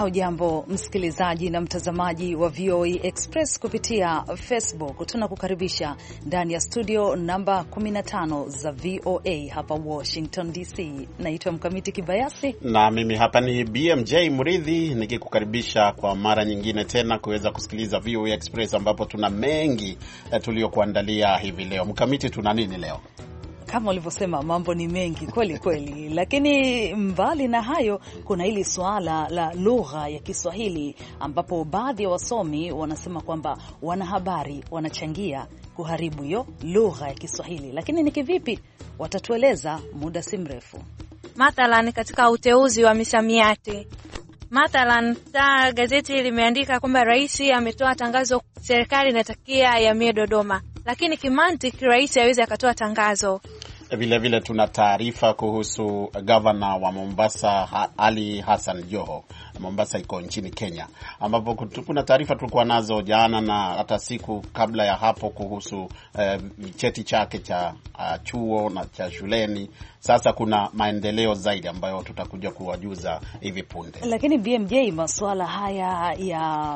Haujambo msikilizaji na mtazamaji wa VOA e Express kupitia Facebook, tunakukaribisha ndani ya studio namba 15 za VOA e hapa Washington DC. Naitwa Mkamiti Kibayasi na mimi hapa ni BMJ Mridhi nikikukaribisha kwa mara nyingine tena kuweza kusikiliza VOA e Express ambapo tuna mengi eh, tuliyokuandalia hivi leo. Mkamiti, tuna nini leo? kama ulivyosema, mambo ni mengi kweli kweli, lakini mbali na hayo, kuna hili suala la lugha ya Kiswahili ambapo baadhi ya wasomi wanasema kwamba wanahabari wanachangia kuharibu hiyo lugha ya Kiswahili, lakini ni kivipi? Watatueleza muda si mrefu. Mathalan, katika uteuzi wa misamiati Mathalan, ta gazeti limeandika kwamba rais ametoa tangazo, serikali inatakia yamie Dodoma, lakini kimantiki rais awezi akatoa tangazo Vilevile vile tuna taarifa kuhusu gavana wa Mombasa Ali Hassan Joho. Mombasa iko nchini Kenya, ambapo kuna taarifa tulikuwa nazo jana na hata siku kabla ya hapo kuhusu eh, cheti chake cha uh, chuo na cha shuleni sasa kuna maendeleo zaidi ambayo tutakuja kuwajuza hivi punde. Lakini BMJ, masuala haya ya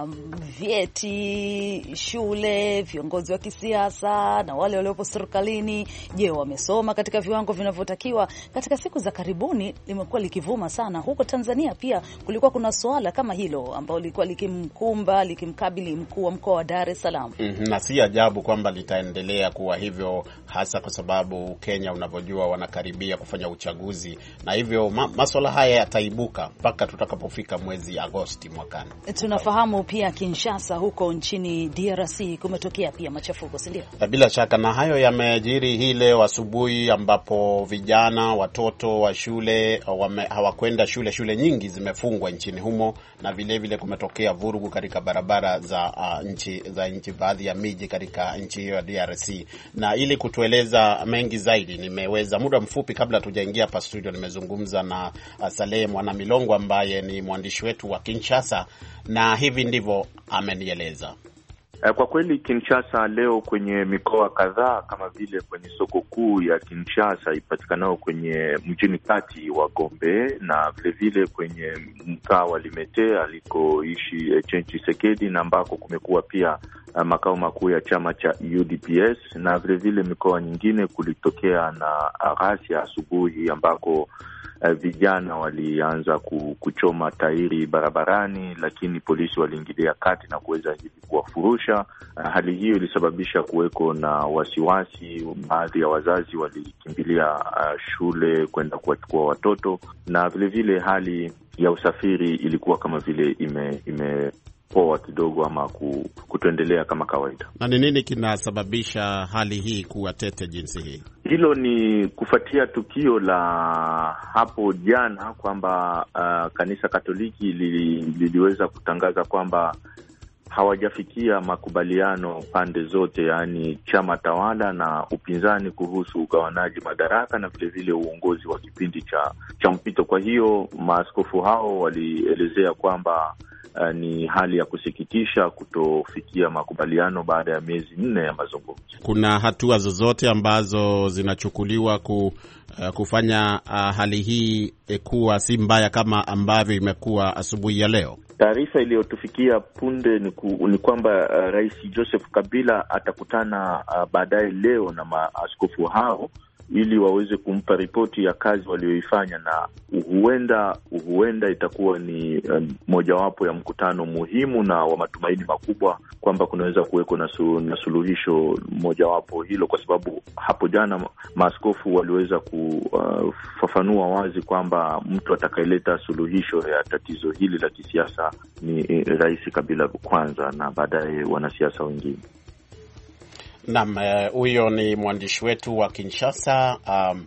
vyeti, shule, viongozi wa kisiasa na wale waliopo serikalini, je, wamesoma katika viwango vinavyotakiwa? Katika siku za karibuni limekuwa likivuma sana huko Tanzania, pia kulikuwa kuna suala kama hilo ambayo lilikuwa likimkumba likimkabili mkuu wa mkoa wa Dar es Salaam. Mm -hmm. Na si ajabu kwamba litaendelea kuwa hivyo, hasa kwa sababu Kenya unavyojua wanakaribia ya kufanya uchaguzi, na hivyo ma maswala haya yataibuka mpaka tutakapofika mwezi Agosti mwakani. Tunafahamu pia Kinshasa huko nchini DRC kumetokea pia machafuko, si ndio? Bila shaka, na hayo yamejiri hii leo asubuhi, ambapo vijana, watoto wa shule hawakwenda shule. Shule nyingi zimefungwa nchini humo, na vilevile vile kumetokea vurugu katika barabara za uh, nchi za nchi, baadhi ya miji katika nchi hiyo ya DRC. Na ili kutueleza mengi zaidi, nimeweza muda mfupi kabla tujaingia hapa studio, nimezungumza na uh, Salehe milongo ambaye ni mwandishi wetu wa Kinshasa, na hivi ndivyo amenieleza. Eh, kwa kweli Kinshasa leo kwenye mikoa kadhaa kama vile kwenye soko kuu ya Kinshasa ipatikanao kwenye mjini kati wa Gombe na vilevile vile kwenye mtaa wa Limete alikoishi Etienne eh, Tshisekedi na ambako kumekuwa pia eh, makao makuu ya chama cha UDPS na vilevile vile mikoa nyingine kulitokea na ghasia asubuhi ambako uh, vijana walianza kuchoma tairi barabarani, lakini polisi waliingilia kati na kuweza hivi kuwafurusha. Uh, hali hiyo ilisababisha kuweko na wasiwasi. Baadhi ya wazazi walikimbilia uh, shule kwenda kuwachukua watoto, na vilevile vile hali ya usafiri ilikuwa kama vile ime, ime poa kidogo ama kutoendelea kama kawaida. Na ni nini kinasababisha hali hii kuwa tete jinsi hii? Hilo ni kufuatia tukio la hapo jana kwamba uh, kanisa Katoliki li, liliweza kutangaza kwamba hawajafikia makubaliano pande zote, yaani chama tawala na upinzani kuhusu ugawanaji madaraka na vilevile uongozi wa kipindi cha, cha mpito. Kwa hiyo maaskofu hao walielezea kwamba uh, ni hali ya kusikitisha kutofikia makubaliano baada ya miezi nne ya mazungumzo. Kuna hatua zozote ambazo zinachukuliwa ku, uh, kufanya uh, hali hii kuwa si mbaya kama ambavyo imekuwa asubuhi ya leo? Taarifa iliyotufikia punde ni, ku, ni kwamba uh, Rais Joseph Kabila atakutana uh, baadaye leo na maaskofu hao ili waweze kumpa ripoti ya kazi walioifanya, na huenda huenda itakuwa ni um, mojawapo ya mkutano muhimu na wa matumaini makubwa kwamba kunaweza kuwekwa na, su, na suluhisho mojawapo hilo, kwa sababu hapo jana maaskofu waliweza kufafanua uh, wazi kwamba mtu atakayeleta suluhisho ya tatizo hili la kisiasa ni eh, Rais Kabila kwanza na baadaye wanasiasa wengine. Naam, eh, huyo ni mwandishi wetu wa Kinshasa um,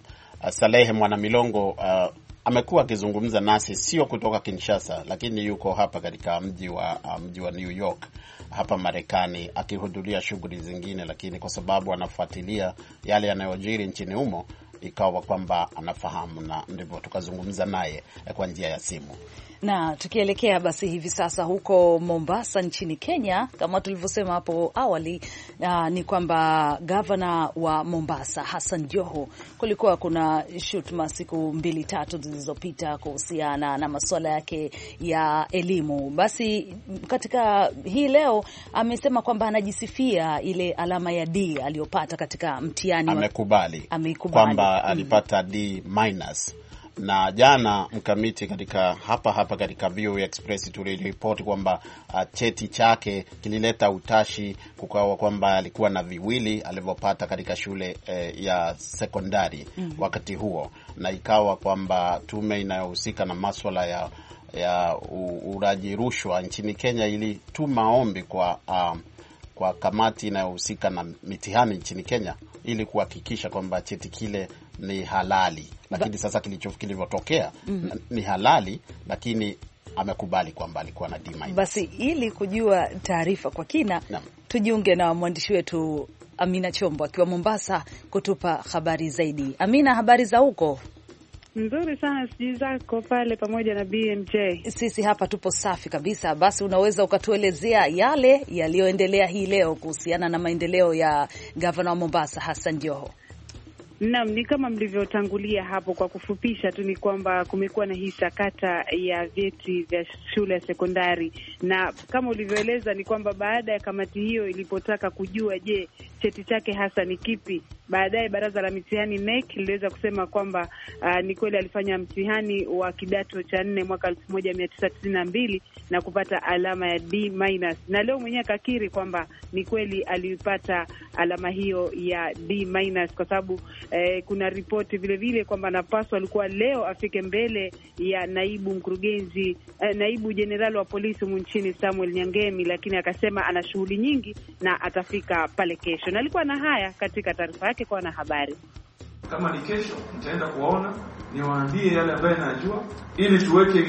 Salehe Mwanamilongo uh, amekuwa akizungumza nasi sio kutoka Kinshasa, lakini yuko hapa katika mji wa uh, mji wa New York hapa Marekani akihudhuria shughuli zingine, lakini kwa sababu anafuatilia yale yanayojiri nchini humo ikawa kwamba anafahamu, na ndivyo tukazungumza naye kwa njia ya simu. Na tukielekea basi hivi sasa huko Mombasa nchini Kenya, kama tulivyosema hapo awali, uh, ni kwamba gavana wa Mombasa Hassan Joho, kulikuwa kuna shutuma siku mbili tatu zilizopita kuhusiana na masuala yake ya elimu. Basi katika hii leo amesema kwamba anajisifia ile alama ya D aliyopata katika mtihani, amekubali kwamba mm. alipata D minus na jana mkamiti katika hapa hapa katika VOA Express tuliripoti kwamba uh, cheti chake kilileta utashi, kukawa kwamba alikuwa na viwili alivyopata katika shule eh, ya sekondari mm -hmm. wakati huo, na ikawa kwamba tume inayohusika na maswala ya ya uraji rushwa nchini Kenya ilituma ombi kwa uh, kwa kamati inayohusika na mitihani nchini Kenya ili kuhakikisha kwamba cheti kile ni halali, lakini sasa kilivyotokea mm -hmm. ni halali lakini amekubali kwamba alikuwa na dima. Basi ili kujua taarifa kwa kina na, tujiunge na mwandishi wetu Amina Chombo akiwa Mombasa kutupa habari zaidi. Amina, habari za huko? Nzuri sana, sijui zako pale, pamoja na BMJ. Sisi hapa tupo safi kabisa. Basi unaweza ukatuelezea yale yaliyoendelea hii leo kuhusiana na maendeleo ya gavana wa Mombasa Hassan Joho? Naam, ni kama mlivyotangulia hapo, kwa kufupisha tu ni kwamba kumekuwa na hii sakata ya vyeti vya shule ya sekondari, na kama ulivyoeleza ni kwamba baada ya kamati hiyo ilipotaka kujua, je, cheti chake hasa ni kipi, baadaye baraza la mitihani NEC liliweza kusema kwamba uh, ni kweli alifanya mtihani wa kidato cha nne mwaka elfu moja mia tisa tisini na mbili na kupata alama ya D minus, na leo mwenyewe akakiri kwamba ni kweli alipata alama hiyo ya D minus kwa sababu eh, kuna ripoti vilevile kwamba napaswa alikuwa leo afike mbele ya naibu mkurugenzi eh, naibu jenerali wa polisi humu nchini Samuel Nyangemi, lakini akasema ana shughuli nyingi na atafika pale kesho, na alikuwa na haya katika taarifa yake kwa wanahabari. Kama ni kesho, nitaenda kuwaona niwaambie yale ambayo najua, ili tuweke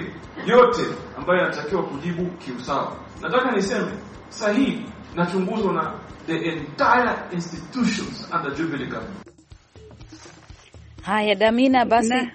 yote ambayo yanatakiwa kujibu kiusawa. Nataka niseme sahihi nachunguzwa na the entire institutions under Jubilee government. Haya Damina, basi na,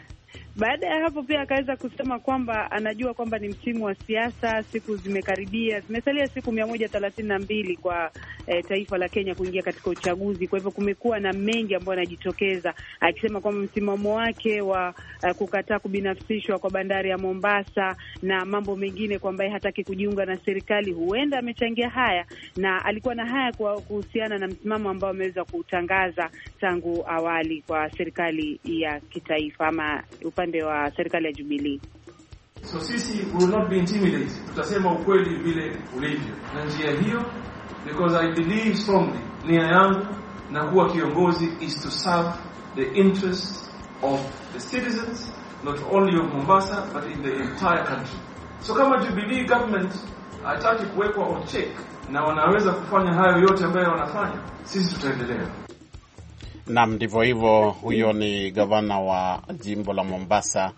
Baada ya hapo pia akaweza kusema kwamba anajua kwamba ni msimu wa siasa, siku zimekaribia, zimesalia siku mia moja thelathini na mbili kwa eh, taifa la Kenya kuingia katika uchaguzi. Kwa hivyo kumekuwa na mengi ambayo anajitokeza akisema kwamba msimamo wake wa uh, kukataa kubinafsishwa kwa bandari ya Mombasa na mambo mengine, kwamba hataki kujiunga na serikali, huenda amechangia haya, na alikuwa na haya kwa kuhusiana na msimamo ambao ameweza kutangaza tangu awali kwa serikali ya kitaifa ama upande wa serikali ya Jubilee. So sisi will not be intimidated, tutasema ukweli vile ulivyo, na njia hiyo, because I believe strongly, nia yangu na kuwa kiongozi is to serve the interests of the citizens not only of Mombasa but in the entire country. So kama Jubilee government hataki kuwekwa on check na wanaweza kufanya hayo yote ambayo wanafanya, sisi tutaendelea. Nam, ndivyo hivyo. Huyo ni gavana wa jimbo la Mombasa,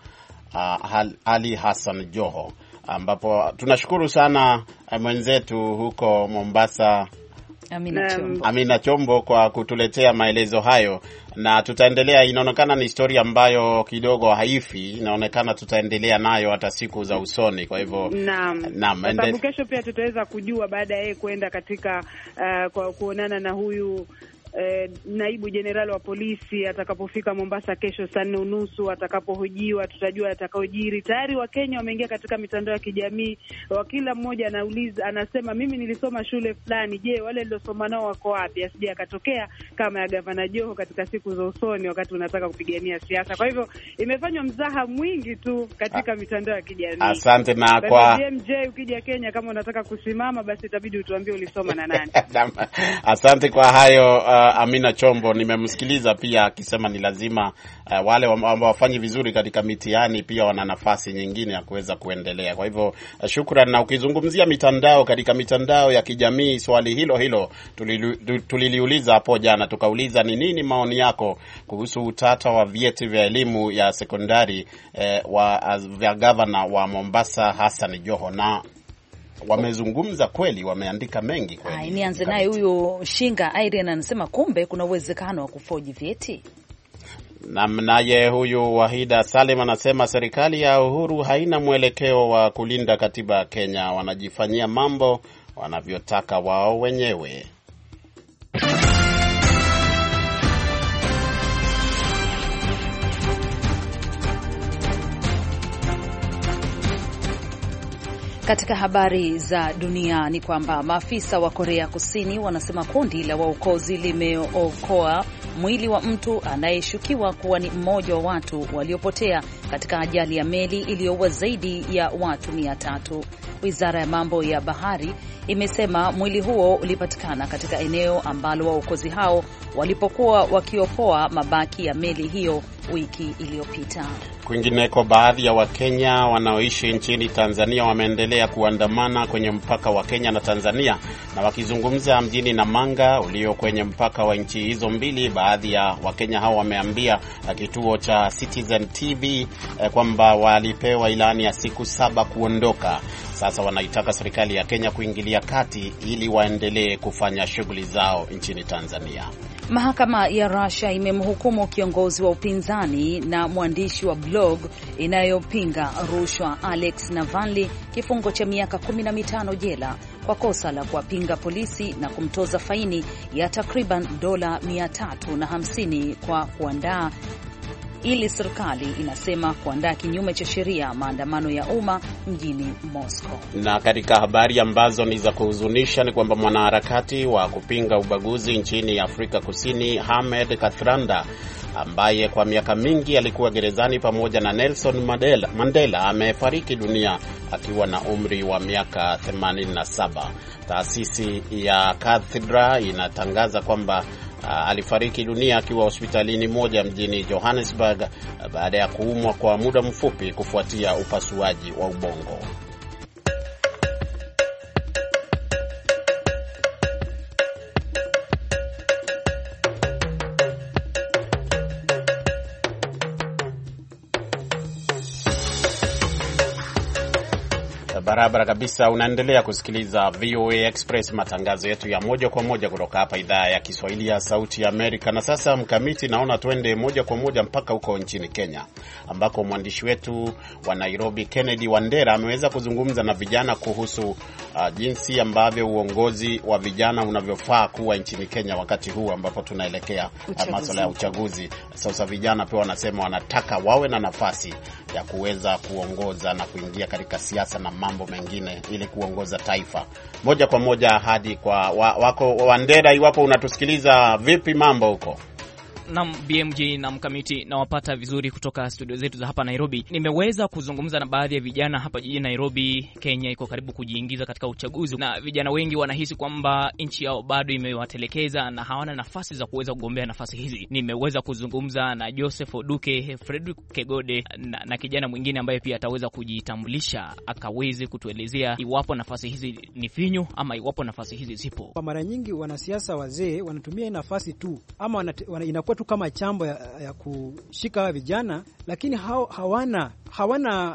uh, Ali Hassan Joho, ambapo tunashukuru sana eh, mwenzetu huko Mombasa Amina Chombo. Amina Chombo kwa kutuletea maelezo hayo, na tutaendelea. Inaonekana ni historia ambayo kidogo haifi, inaonekana tutaendelea nayo hata siku za usoni. Kwa hivyo naam, sababu kesho pia tutaweza kujua baada ya yeye kuenda katika uh, kwa kuonana na huyu eh, naibu jenerali wa polisi atakapofika Mombasa kesho saa nne unusu, atakapohojiwa tutajua atakaojiri. Tayari Wakenya wameingia katika mitandao ya kijamii, kila mmoja anauliza, anasema mimi nilisoma shule fulani, je, wale niliosoma nao wako wapi? Asije akatokea kama ya gavana Joho katika siku za usoni, wakati unataka kupigania siasa. Kwa hivyo imefanywa mzaha mwingi tu katika mitandao ya kijamii. Asante na kwa BMJ, ukija Kenya kama unataka kusimama, basi itabidi utuambie ulisoma na nani. Asante kwa hayo uh... Amina Chombo, nimemsikiliza pia akisema ni lazima uh, wale ambao wafanyi vizuri katika mitihani pia wana nafasi nyingine ya kuweza kuendelea. Kwa hivyo uh, shukran. Na ukizungumzia mitandao, katika mitandao ya kijamii swali hilo hilo tuliliuliza hapo jana, tukauliza ni nini maoni yako kuhusu utata wa vyeti vya elimu ya sekondari eh, wa, vya gavana wa Mombasa Hassan Joho na wamezungumza kweli, wameandika mengi kweli. Nianze naye huyu Shinga Irene anasema kumbe kuna uwezekano wa kufoji vyeti. Nam naye huyu Wahida Salim anasema serikali ya Uhuru haina mwelekeo wa kulinda katiba ya Kenya, wanajifanyia mambo wanavyotaka wao wenyewe. Katika habari za dunia ni kwamba maafisa wa Korea Kusini wanasema kundi la waokozi limeokoa mwili wa mtu anayeshukiwa kuwa ni mmoja wa watu waliopotea katika ajali ya meli iliyoua zaidi ya watu mia tatu. Wizara ya mambo ya bahari imesema mwili huo ulipatikana katika eneo ambalo waokozi hao walipokuwa wakiopoa mabaki ya meli hiyo wiki iliyopita. Kwingineko, baadhi ya Wakenya wanaoishi nchini Tanzania wameendelea kuandamana kwenye mpaka wa Kenya na Tanzania, na wakizungumza mjini Namanga ulio kwenye mpaka wa nchi hizo mbili, baadhi ya Wakenya hao wameambia eh, kituo cha Citizen TV eh, kwamba walipewa ilani ya siku saba kuondoka sasa wanaitaka serikali ya Kenya kuingilia kati ili waendelee kufanya shughuli zao nchini Tanzania. Mahakama ya Russia imemhukumu kiongozi wa upinzani na mwandishi wa blog inayopinga rushwa Alex Navalny kifungo cha miaka 15 jela kwa kosa la kuwapinga polisi na kumtoza faini ya takriban dola 350 kwa kuandaa ili serikali inasema kuandaa kinyume cha sheria maandamano ya umma mjini Moscow. Na katika habari ambazo ni za kuhuzunisha ni kwamba mwanaharakati wa kupinga ubaguzi nchini Afrika Kusini hamed Kathranda ambaye kwa miaka mingi alikuwa gerezani pamoja na Nelson Mandela, Mandela amefariki dunia akiwa na umri wa miaka 87. Taasisi ya Cathedra inatangaza kwamba alifariki dunia akiwa hospitalini moja mjini Johannesburg baada ya kuumwa kwa muda mfupi kufuatia upasuaji wa ubongo. barabara kabisa. Unaendelea kusikiliza VOA Express, matangazo yetu ya moja kwa moja kutoka hapa idhaa ya Kiswahili ya Sauti ya Amerika. Na sasa Mkamiti, naona tuende moja kwa moja mpaka huko nchini Kenya, ambako mwandishi wetu wa Nairobi Kennedy Wandera ameweza kuzungumza na vijana kuhusu uh, jinsi ambavyo uongozi wa vijana unavyofaa kuwa nchini Kenya wakati huu ambapo tunaelekea uh, maswala ya uchaguzi. Sasa vijana pia wanasema wanataka wawe na nafasi ya kuweza kuongoza na kuingia katika siasa na mambo mengine ili kuongoza taifa moja kwa moja hadi kwa wako Wandera, iwapo unatusikiliza, vipi mambo huko? Nam BMJ na mkamiti nawapata vizuri kutoka studio zetu za hapa Nairobi. Nimeweza kuzungumza na baadhi ya vijana hapa jijini Nairobi. Kenya iko karibu kujiingiza katika uchaguzi, na vijana wengi wanahisi kwamba nchi yao bado imewatelekeza na hawana nafasi za kuweza kugombea nafasi hizi. Nimeweza kuzungumza na Joseph Oduke, Frederick Kegode na, na kijana mwingine ambaye pia ataweza kujitambulisha akaweze kutuelezea iwapo nafasi hizi ni finyu ama iwapo nafasi hizi zipo. Kwa mara nyingi wanasiasa wazee wanatumia nafasi tu ama inakuwa tu kama chambo ya, ya kushika hawa vijana, lakini hao hawana hawana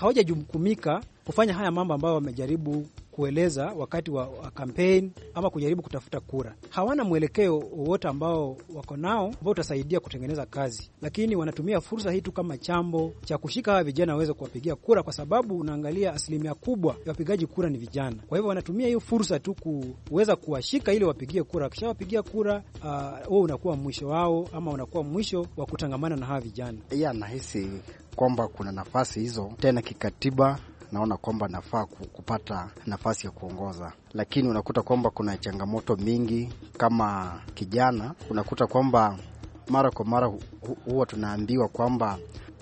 hawajajukumika kufanya haya mambo ambayo wamejaribu kueleza wakati wa kampen ama kujaribu kutafuta kura. Hawana mwelekeo wowote ambao wako nao ambao utasaidia kutengeneza kazi, lakini wanatumia fursa hii tu kama chambo cha kushika hawa vijana waweze kuwapigia kura, kwa sababu unaangalia asilimia kubwa ya wapigaji kura ni vijana. Kwa hivyo wanatumia hiyo fursa tu kuweza kuwashika ili wapigie kura. Wakishawapigia kura, huo uh, unakuwa mwisho wao ama unakuwa mwisho wa kutangamana na hawa vijana. Nahisi kwamba kuna nafasi hizo tena kikatiba naona kwamba nafaa kupata nafasi ya kuongoza, lakini unakuta kwamba kuna changamoto mingi. Kama kijana, unakuta kwamba mara kwa mara huwa tunaambiwa kwamba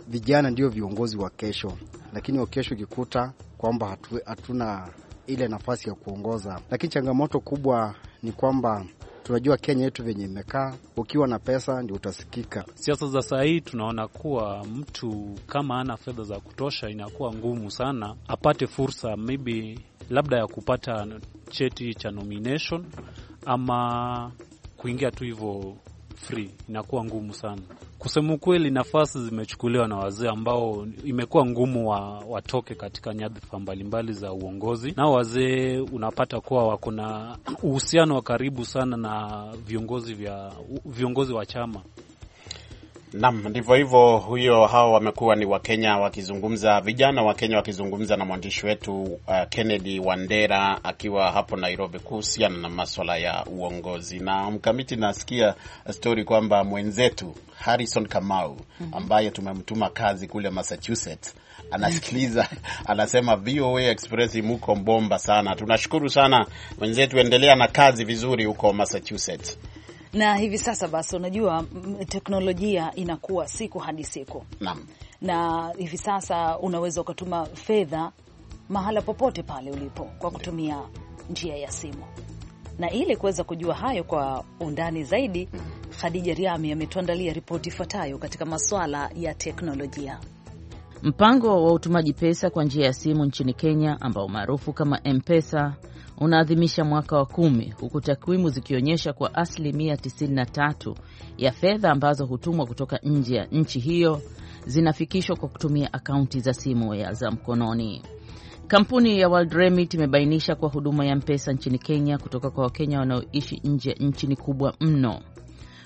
vijana ndio viongozi wa kesho, lakini wa kesho ukikuta kwamba hatuna ile nafasi ya kuongoza. Lakini changamoto kubwa ni kwamba Tunajua Kenya yetu venye imekaa, ukiwa na pesa ndio utasikika. Siasa za saa hii tunaona kuwa mtu kama ana fedha za kutosha, inakuwa ngumu sana apate fursa maybe labda ya kupata cheti cha nomination ama kuingia tu hivyo free, inakuwa ngumu sana. Kusema ukweli, nafasi zimechukuliwa na wazee ambao imekuwa ngumu wa, watoke katika nyadhifa mbalimbali za uongozi. Nao wazee unapata kuwa wako na uhusiano wa karibu sana na viongozi vya viongozi wa chama Nam, ndivyo hivyo. Huyo hao wamekuwa ni Wakenya wakizungumza, vijana Wakenya wakizungumza na mwandishi wetu uh, Kennedy Wandera akiwa hapo Nairobi kuhusiana na maswala ya uongozi. Na mkamiti, nasikia stori kwamba mwenzetu Harrison Kamau mhm. ambaye tumemtuma kazi kule Massachusetts anasikiliza anasema, VOA Express muko mbomba sana, tunashukuru sana mwenzetu endelea na kazi vizuri huko Massachusetts na hivi sasa basi, unajua teknolojia inakuwa siku hadi siku na, Na hivi sasa unaweza ukatuma fedha mahala popote pale ulipo kwa kutumia njia ya simu, na ili kuweza kujua hayo kwa undani zaidi, mhm. Khadija Riami ametuandalia ripoti ifuatayo katika masuala ya teknolojia. Mpango wa utumaji pesa kwa njia ya simu nchini Kenya ambao maarufu kama M-Pesa unaadhimisha mwaka wa kumi huku takwimu zikionyesha kwa asilimia 93 ya fedha ambazo hutumwa kutoka nje ya nchi hiyo zinafikishwa kwa kutumia akaunti za simu ya za mkononi. Kampuni ya World Remit imebainisha kuwa huduma ya Mpesa nchini Kenya kutoka kwa Wakenya wanaoishi nje ya nchi ni kubwa mno.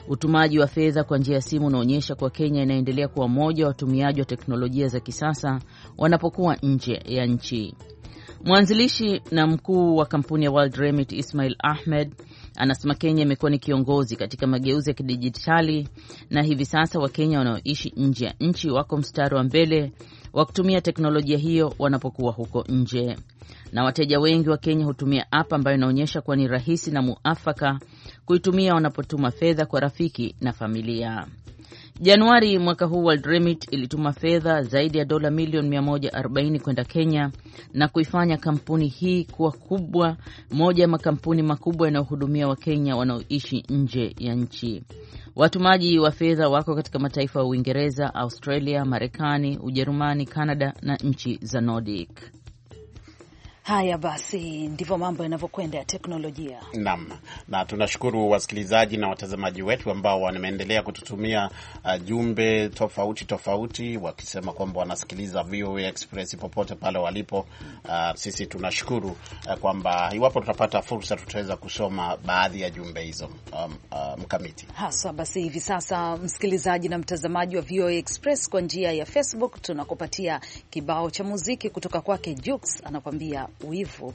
Utumaji wa fedha kwa njia ya simu unaonyesha kuwa Kenya inaendelea kuwa mmoja wa watumiaji wa teknolojia za kisasa wanapokuwa nje ya nchi. Mwanzilishi na mkuu wa kampuni ya World Remit Ismail Ahmed anasema Kenya imekuwa ni kiongozi katika mageuzi ya kidijitali na hivi sasa Wakenya wanaoishi nje ya nchi wako mstari wa mbele wa kutumia teknolojia hiyo wanapokuwa huko nje, na wateja wengi wa Kenya hutumia app ambayo inaonyesha kuwa ni rahisi na muafaka kuitumia wanapotuma fedha kwa rafiki na familia. Januari mwaka huu waldremit ilituma fedha zaidi ya dola milioni 140 kwenda Kenya na kuifanya kampuni hii kuwa kubwa, moja ya makampuni makubwa yanayohudumia Wakenya wanaoishi nje ya nchi. Watumaji wa fedha wako katika mataifa ya Uingereza, Australia, Marekani, Ujerumani, Kanada na nchi za Nordic. Haya basi, ndivyo mambo yanavyokwenda ya teknolojia. Naam, na tunashukuru wasikilizaji na watazamaji wetu ambao wameendelea kututumia uh, jumbe tofauti tofauti wakisema kwamba wanasikiliza VOA Express popote pale walipo. Uh, sisi tunashukuru uh, kwamba iwapo tutapata fursa tutaweza kusoma baadhi ya jumbe hizo um, uh, mkamiti haswa. Basi hivi sasa, msikilizaji na mtazamaji wa VOA Express, kwa njia ya Facebook tunakupatia kibao cha muziki kutoka kwake Jux anakwambia wivu.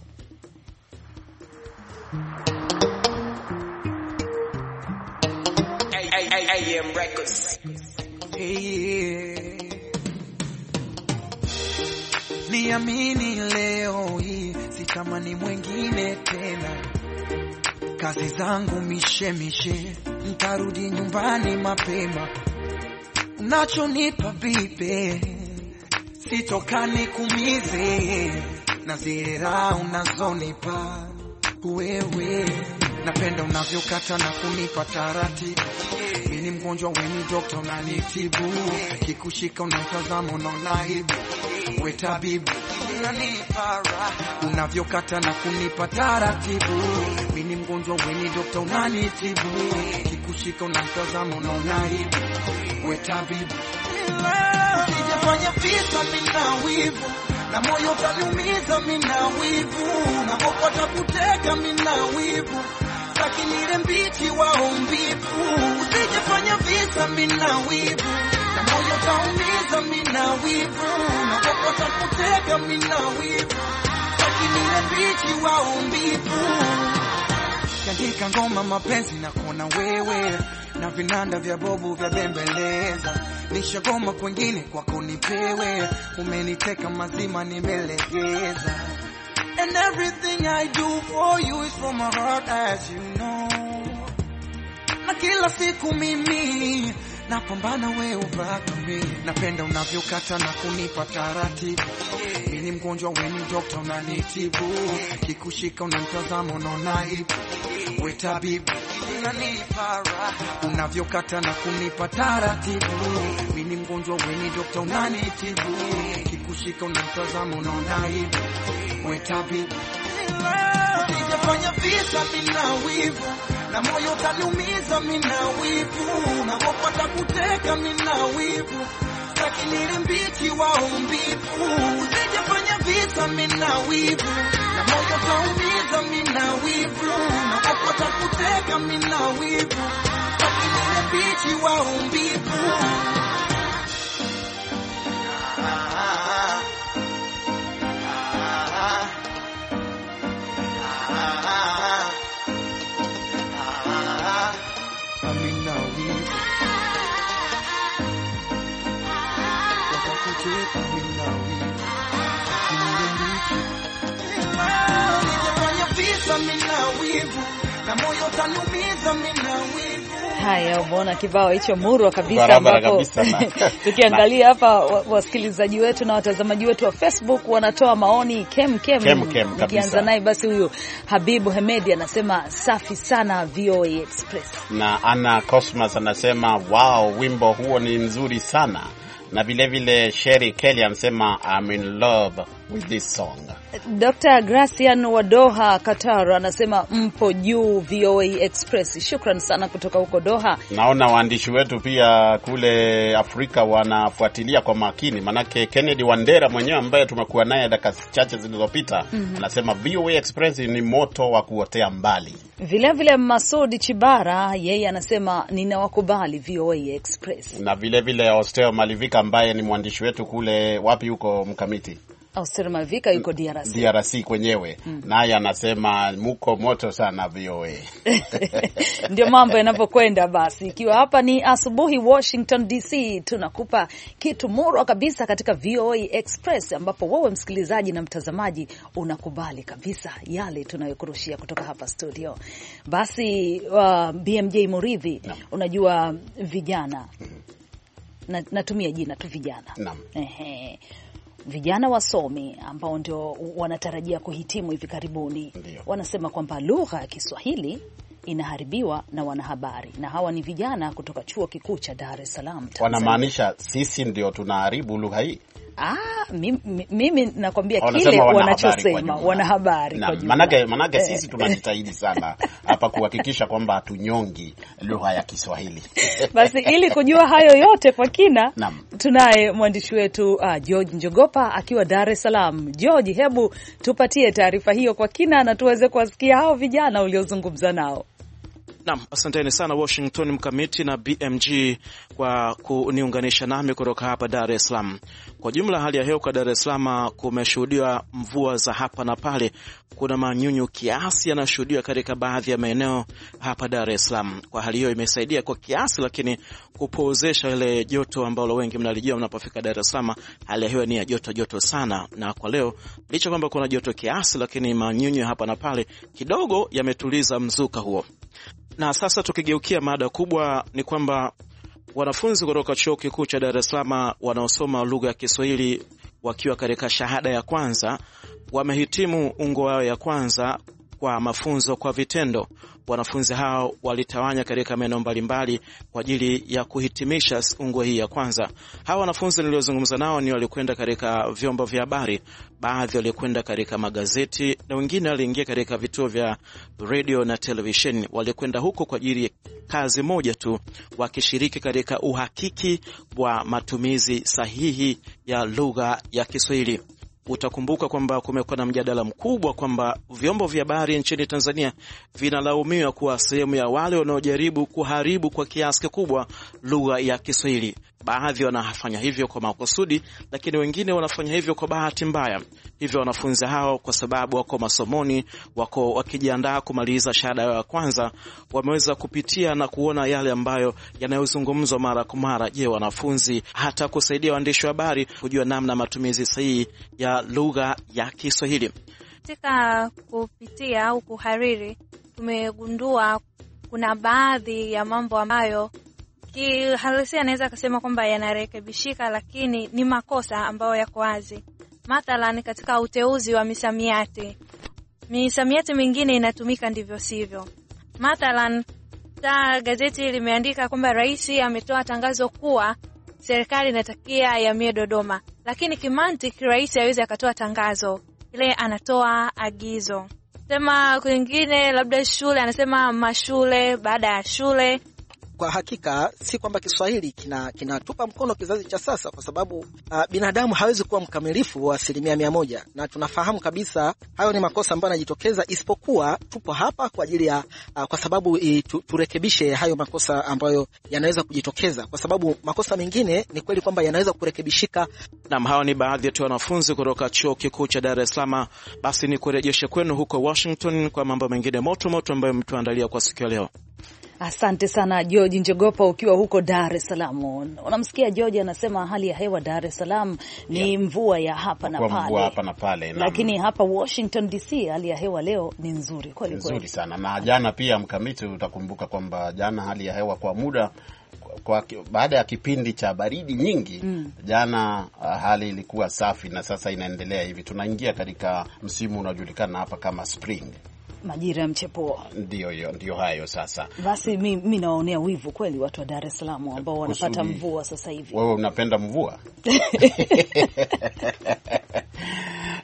niamini leo hii ni mwengine tena, kazi zangu mishemishe, ntarudi nyumbani mapema, nachonipa bibe sitokani kumize na sera unazonipa wewe, napenda unavyokata na kunipa taratibu. ni mgonjwa wewe weni dokta unanitibu, kikushika unamtazama unaona aibu, we tabibu unavyokata na kunipa taratibu, ni mgonjwa weni dokta unanitibu, kikushika unamtazama unaona aibu, we tabibu sijafanya vita nina wivu na moyo utaniumiza, mina wivu na hofu atakuteka, mina wivu lakini ile mbichi wao mbivu, usijefanya visa, mina wivu na moyo utaumiza, mina wivu na hofu atakuteka, mina wivu lakini ile mbichi wao mbivu. Katika ngoma mapenzi na kona wewe na vinanda vya bobu vya bembeleza nishagoma kwengine kwako nipewe, umeniteka mazima nimelegeza, and everything I do for you is from my heart as you know, na kila siku mimi napambana we ubaki, napenda unavyokata na kunipa taratibu. Mimi ni mgonjwa, we ni dokta, unanitibu. Kikushika unamtazama, unaona aibu, we tabibu unavyokata na kunipa taratibu. Mimi ni mgonjwa, we ni dokta, unanitibu. Kikushika unamtazama, unaona aibu, we tabibu Fanya visa mina wivu na moyo utaniumiza, mina wivu na hofu takuteka mina wivu sitaki nilimbiki waumbivu, usije fanya visa mina wivu na moyo utaumiza, mina wivu na hofu takuteka mina wivu sitaki nilimbiki waumbivu Haya, umeona kibao hicho murwa kabisa, ambapo tukiangalia hapa wasikilizaji wetu na watazamaji wetu wa Facebook wanatoa maoni kem kem, kem, kem nikianza naye basi, huyu Habibu Hemedi anasema safi sana VOA Express, na Ana Cosmas anasema wow, wimbo huo ni mzuri sana, na vilevile Sheri Kelly anasema I'm in love with this song. Dr. Gracian wa Doha, Qatar anasema mpo juu VOA Express. Shukran sana kutoka huko Doha. Naona waandishi wetu pia kule Afrika wanafuatilia kwa makini, manake Kennedy Wandera mwenyewe ambaye tumekuwa naye dakika chache zilizopita mm -hmm. anasema VOA Express ni moto wa kuotea mbali. Vilevile vile Masudi Chibara yeye anasema ninawakubali VOA Express, na vilevile Hostel Malivika ambaye ni mwandishi wetu kule wapi huko Mkamiti Austere Malvika yuko DRC, DRC kwenyewe mm. Naye anasema muko moto sana VOA. Ndio mambo yanapokwenda. Basi ikiwa hapa ni asubuhi Washington DC, tunakupa kitu murwa kabisa katika VOA Express, ambapo wewe msikilizaji na mtazamaji unakubali kabisa yale tunayokurushia kutoka hapa studio. Basi uh, BMJ Muridhi no. Unajua vijana mm -hmm. Natumia jina tu vijana no vijana wasomi ambao ndio wanatarajia kuhitimu hivi karibuni Ndiyo. wanasema kwamba lugha ya Kiswahili inaharibiwa na wanahabari, na hawa ni vijana kutoka chuo kikuu cha Dar es Salaam. Wanamaanisha sisi ndio tunaharibu lugha hii Ah, mimi, mimi nakwambia kile wanachosema wanahabari kwa jumla. Manake, manake eh. sisi tunajitahidi sana hapa kuhakikisha kwamba hatunyongi lugha ya Kiswahili. Basi ili kujua hayo yote kwa kina, tunaye mwandishi wetu uh, George Njogopa akiwa Dar es Salaam. George, hebu tupatie taarifa hiyo kwa kina na tuweze kuwasikia hao vijana uliozungumza nao. Nam, asanteni sana Washington Mkamiti na BMG kwa kuniunganisha nami kutoka hapa Dar es Salaam. Kwa jumla, hali ya hewa kwa Dar es Salaam, kumeshuhudiwa mvua za hapa na pale. Kuna manyunyu kiasi yanayoshuhudiwa katika baadhi ya maeneo hapa Dar es Salaam. Kwa hali hiyo, imesaidia kwa kiasi, lakini kupozesha ile joto ambalo wengi mnalijua mnapofika Dar es Salaam. Hali ya hewa ni ya joto joto sana, na kwa leo, licha kwamba kuna joto kiasi, lakini manyunyu hapa na pale kidogo yametuliza mzuka huo. Na sasa tukigeukia mada kubwa, ni kwamba wanafunzi kutoka chuo kikuu cha Dar es Salaam wanaosoma lugha ya Kiswahili wakiwa katika shahada ya kwanza wamehitimu ungo wao ya kwanza kwa mafunzo kwa vitendo. Wanafunzi hao walitawanya katika maeneo mbalimbali kwa ajili ya kuhitimisha ungo hii ya kwanza. Hawa wanafunzi niliozungumza nao ni walikwenda katika vyombo vya habari, baadhi walikwenda katika magazeti na wengine waliingia katika vituo vya redio na televisheni. Walikwenda huko kwa ajili ya kazi moja tu, wakishiriki katika uhakiki wa matumizi sahihi ya lugha ya Kiswahili. Utakumbuka kwamba kumekuwa na mjadala mkubwa kwamba vyombo vya habari nchini Tanzania vinalaumiwa kuwa sehemu ya wale wanaojaribu kuharibu kwa kiasi kikubwa lugha ya Kiswahili. Baadhi wanafanya hivyo kwa makusudi, lakini wengine wanafanya hivyo kwa bahati mbaya. Hivyo wanafunzi hao, kwa sababu wako masomoni, wako wakijiandaa kumaliza shahada yao ya kwanza, wameweza kupitia na kuona yale ambayo yanayozungumzwa mara kwa mara. Je, wanafunzi hata kusaidia waandishi wa habari kujua namna matumizi sahihi ya lugha ya Kiswahili. Katika kupitia au kuhariri, tumegundua kuna baadhi ya mambo ambayo kihalisia anaweza akasema kwamba yanarekebishika, lakini ni makosa ambayo yako wazi. Mathalan, katika uteuzi wa misamiati, misamiati mingine inatumika ndivyo sivyo. Mathalan, ta gazeti limeandika kwamba rais ametoa tangazo kuwa serikali inatakia yamie Dodoma lakini kimantiki rais aweze akatoa tangazo ile, anatoa agizo sema kwingine, labda shule anasema mashule baada ya shule kwa hakika si kwamba Kiswahili kinatupa kina mkono kizazi cha sasa, kwa sababu uh, binadamu hawezi kuwa mkamilifu wa asilimia mia moja, na tunafahamu kabisa hayo ni makosa ambayo yanajitokeza, isipokuwa tupo hapa kwa ajili ya uh, kwa sababu i, tu, turekebishe hayo makosa ambayo yanaweza kujitokeza, kwa sababu makosa mengine ni kweli kwamba yanaweza kurekebishika. Nam, hawa ni baadhi tu wanafunzi kutoka chuo kikuu cha Dar es Salaam. Basi ni kurejeshe kwenu huko Washington kwa mambo mengine moto moto ambayo mtuandalia kwa siku ya leo. Asante sana George Njogopa, ukiwa huko Dar es Salaam. Unamsikia George anasema hali ya hewa Dar es Salaam ni yeah, mvua ya hapa na pale, hapa na pale, lakini hapa Washington DC hali ya hewa leo ni nzuri kweli kweli, nzuri sana. Na jana pia, mkamiti, utakumbuka kwamba jana hali ya hewa kwa muda kwa baada ya kipindi cha baridi nyingi mm. Jana uh, hali ilikuwa safi na sasa inaendelea hivi, tunaingia katika msimu unaojulikana hapa kama spring majira ya mchepuo. Ndio hiyo, ndio hayo sasa. Basi mi nawaonea wivu kweli watu wa Dar es Salaam ambao wanapata mvua sasa hivi. Wewe unapenda mvua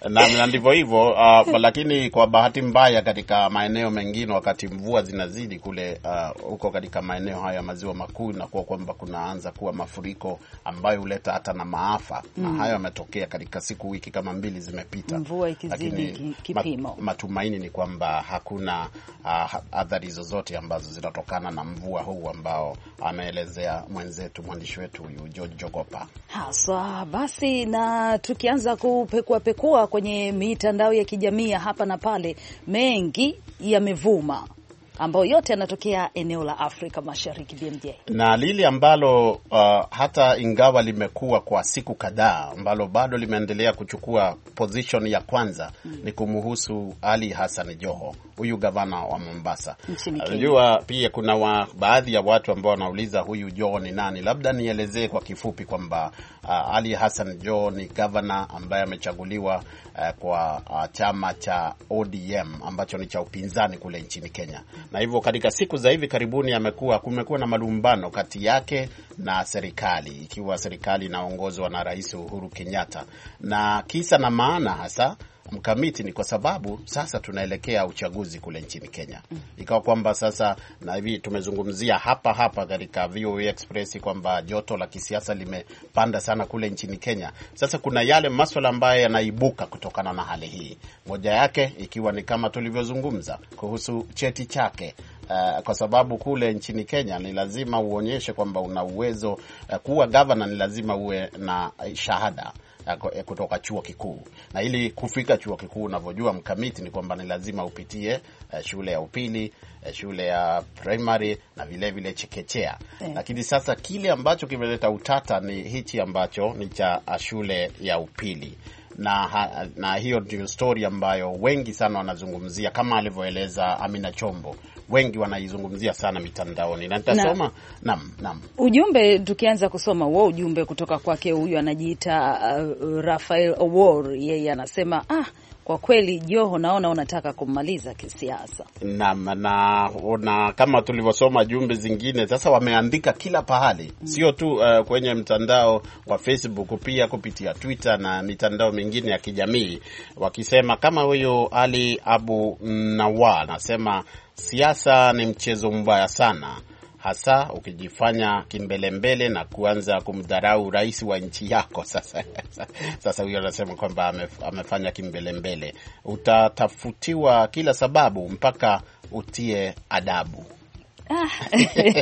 na ndivyo hivyo uh, lakini kwa bahati mbaya katika maeneo mengine wakati mvua zinazidi kule uh, huko uh, katika maeneo hayo ya maziwa makuu inakuwa kwamba kunaanza kuwa mafuriko ambayo huleta hata na maafa mm. na hayo yametokea katika siku wiki kama mbili zimepita, mvua ikizidi kipimo. Matumaini ni kwamba hakuna uh, athari zozote ambazo zinatokana na mvua huu ambao ameelezea mwenzetu mwandishi wetu huyu George Jogopa haswa. Basi na tukianza pekua kwenye mitandao ya kijamii hapa na pale, mengi yamevuma ambayo yote yanatokea eneo la Afrika Mashariki. BMJ na lili ambalo uh, hata ingawa limekuwa kwa siku kadhaa ambalo bado limeendelea kuchukua position ya kwanza mm, ni kumhusu Ali Hassan Joho, huyu gavana wa Mombasa. Najua pia kuna wa, baadhi ya watu ambao wanauliza huyu Joho ni nani. Labda nielezee kwa kifupi kwamba uh, Ali Hassan Joho ni gavana ambaye amechaguliwa Eh, kwa eh, chama cha ODM ambacho ni cha upinzani kule nchini Kenya, na hivyo katika siku za hivi karibuni amekuwa kumekuwa na malumbano kati yake na serikali, ikiwa serikali inaongozwa na Rais Uhuru Kenyatta, na kisa na maana hasa mkamiti ni kwa sababu sasa tunaelekea uchaguzi kule nchini Kenya, ikawa kwamba sasa na hivi tumezungumzia hapa hapa katika VOA Express kwamba joto la kisiasa limepanda sana kule nchini Kenya. Sasa kuna yale maswala ambayo yanaibuka kutokana na hali hii, moja yake ikiwa ni kama tulivyozungumza kuhusu cheti chake. Uh, kwa sababu kule nchini Kenya ni lazima uonyeshe kwamba una uwezo uh, kuwa gavana, ni lazima uwe na shahada kutoka chuo kikuu, na ili kufika chuo kikuu, unavyojua mkamiti, ni kwamba ni lazima upitie eh, shule ya upili, eh, shule ya primary na vilevile chekechea yeah. Lakini sasa kile ambacho kimeleta utata ni hichi ambacho ni cha ah, shule ya upili na, ha, na hiyo ndio stori ambayo wengi sana wanazungumzia kama alivyoeleza Amina Chombo wengi wanaizungumzia sana mitandaoni na nitasoma nam nam ujumbe, tukianza kusoma huo ujumbe kutoka kwake huyu anajiita uh, Rafael Owor, yeye anasema ah kwa kweli Joho, naona unataka kumaliza kisiasa. Naam, na kama tulivyosoma jumbe zingine, sasa wameandika kila pahali mm, sio tu uh, kwenye mtandao wa Facebook, pia kupitia Twitter na mitandao mingine ya kijamii, wakisema kama huyo Ali Abu Nawa anasema siasa ni mchezo mbaya sana hasa ukijifanya kimbelembele na kuanza kumdharau rais wa nchi yako. Sasa sasa huyo anasema kwamba amefanya kimbelembele, utatafutiwa kila sababu mpaka utie adabu. Ah.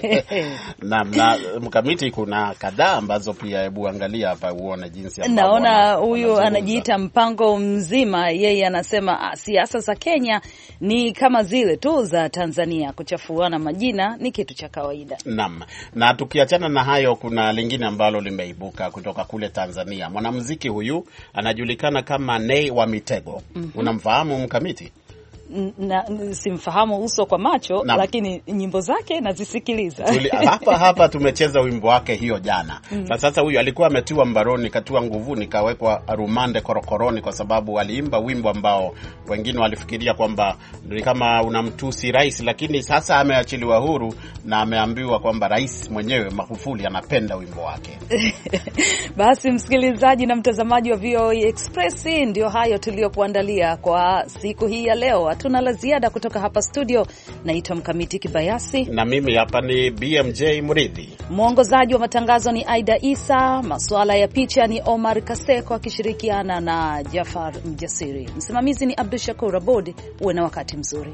Naam, na mkamiti, kuna kadhaa ambazo pia, hebu angalia hapa uone jinsi naona huyu anajiita mpango mzima. Yeye anasema ah, siasa za Kenya ni kama zile tu za Tanzania, kuchafuana majina ni kitu cha kawaida. Naam, na tukiachana na hayo, kuna lingine ambalo limeibuka kutoka kule Tanzania. Mwanamuziki huyu anajulikana kama Nay wa Mitego. mm -hmm. Unamfahamu mkamiti? na, simfahamu uso kwa macho na, lakini nyimbo zake nazisikiliza. Hapa hapa tumecheza wimbo wake hiyo jana mm. Na sasa huyu alikuwa ametiwa mbaroni, katiwa nguvuni, kawekwa rumande korokoroni kwa sababu aliimba wimbo ambao wengine walifikiria kwamba ni kama unamtusi rais, lakini sasa ameachiliwa huru na ameambiwa kwamba rais mwenyewe Magufuli anapenda wimbo wake. Basi msikilizaji na mtazamaji wa VOA e Express, ndio hayo tuliyokuandalia kwa siku hii ya leo hatuna la ziada kutoka hapa studio. Naitwa Mkamiti Kibayasi na mimi hapa ni BMJ Mridhi. Mwongozaji wa matangazo ni Aida Isa, masuala ya picha ni Omar Kaseko akishirikiana na Jafar Mjasiri, msimamizi ni Abdu Shakur Abod. Uwe na wakati mzuri.